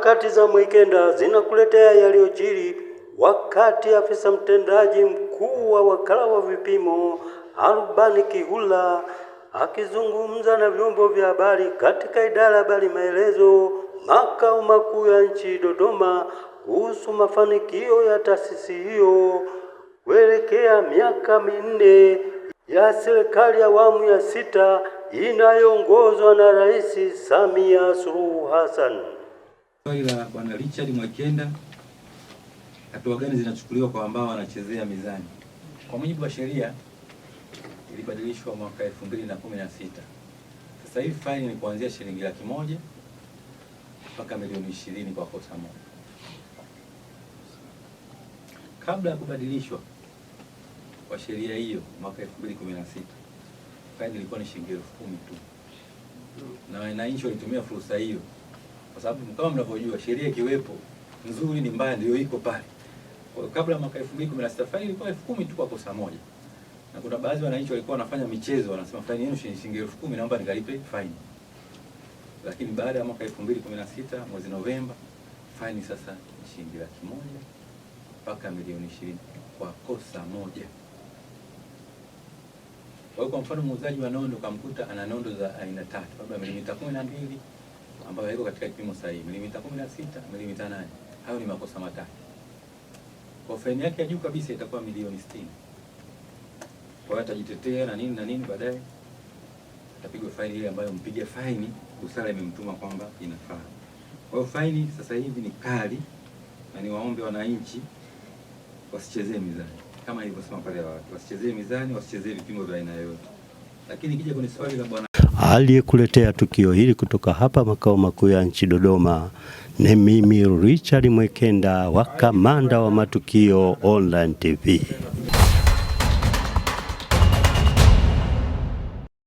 Harakati za Mwikenda zinakuletea yaliyojiri wakati afisa mtendaji mkuu wa wakala wa vipimo Albani Kihula akizungumza na vyombo vya habari katika idara ya habari maelezo makao makuu ya nchi Dodoma kuhusu mafanikio ya taasisi hiyo kuelekea miaka minne ya serikali ya awamu ya sita inayoongozwa na Rais Samia Suluhu Hassan. Swali la Bwana Richard Mwakenda, hatua gani zinachukuliwa kwa ambao wanachezea mizani? Kwa mujibu wa sheria ilibadilishwa mwaka 2016. Sasa hivi faini ni kuanzia shilingi laki moja mpaka milioni ishirini kwa kosa moja. Kabla ya kubadilishwa kwa sheria hiyo mwaka 2016, faini ilikuwa ni shilingi elfu kumi tu na wananchi walitumia fursa hiyo kwa sababu kama mnavyojua sheria ikiwepo nzuri ni mbaya, ndio iko pale. Kwa hiyo kabla mwaka 2016 faini ilikuwa elfu tu kwa kosa moja, na kuna baadhi wananchi walikuwa wanafanya michezo, wanasema faini yenu shilingi elfu naomba nikalipe faini. Lakini baada ya mwaka 2016 mwezi Novemba, faini sasa shilingi laki moja mpaka milioni 20 kwa kosa moja. Kwa hiyo, kwa mfano muuzaji wa nondo ukamkuta ana nondo za aina tatu, labda milimita 12 ambayo haiko katika kipimo sahihi, milimita 16 milimita 8, hayo ni makosa matatu. Kwa faini yake ya juu kabisa itakuwa milioni 60. Kwa hiyo atajitetea na nini na nini, baadaye atapigwa faini ile ambayo mpiga faini busara imemtuma kwamba inafaa. Kwa hiyo faini sasa hivi ni kali, na niwaombe wananchi wasichezee mizani, kama ilivyosema pale awali, wasichezee mizani, wasichezee vipimo vya aina yoyote. Lakini kija kwenye swali la bwana Aliyekuletea tukio hili kutoka hapa makao makuu ya nchi Dodoma ni mimi Richard Mwekenda wa Kamanda wa Matukio Online TV.